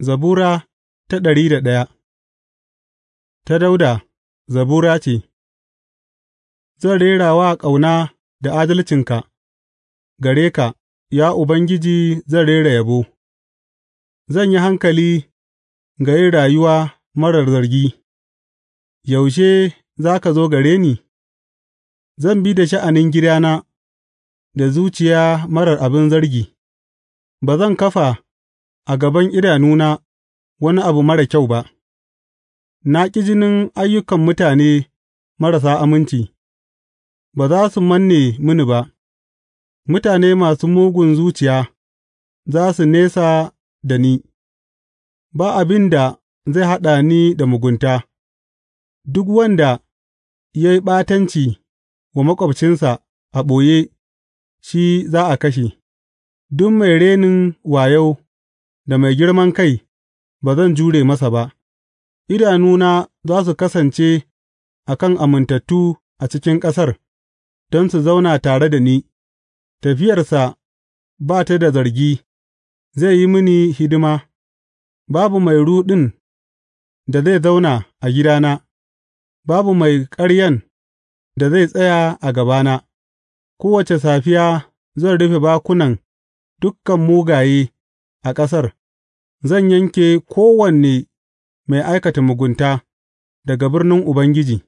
Zabura ta ɗari da ɗaya Ta Dauda, zabura ce Zan rera wa ƙauna da adalcinka, gare ka, ya Ubangiji zan rera yabo; zan yi hankali ga yin rayuwa marar zargi, yaushe za ka zo gare ni, zan bi da sha'anin gidana da zuciya marar abin zargi, ba zan kafa. a gaban idanuna wani abu marar kyau ba; na ƙi jinin ayyukan mutane marasa aminci, ba za su manne mini ba; mutane masu mugun zuciya za su nesa da ni, ba abin da zai haɗa ni da mugunta; duk wanda ya yi ɓatanci wa maƙwabcinsa a ɓoye shi za a kashe, duk mai renin wayo. da mai girman kai, ba zan jure masa ba; idanuna za su kasance a kan amintattu a cikin ƙasar, don su zauna tare da ni, tafiyarsa ba ta da zargi, zai yi mini hidima, babu mai ruɗin da zai zauna a gidana, babu mai ƙaryan da zai tsaya a gabana; kowace safiya zan rufe bakunan Dukkan mugaye. a ƙasar, zan yanke kowane mai aikata mugunta daga birnin Ubangiji.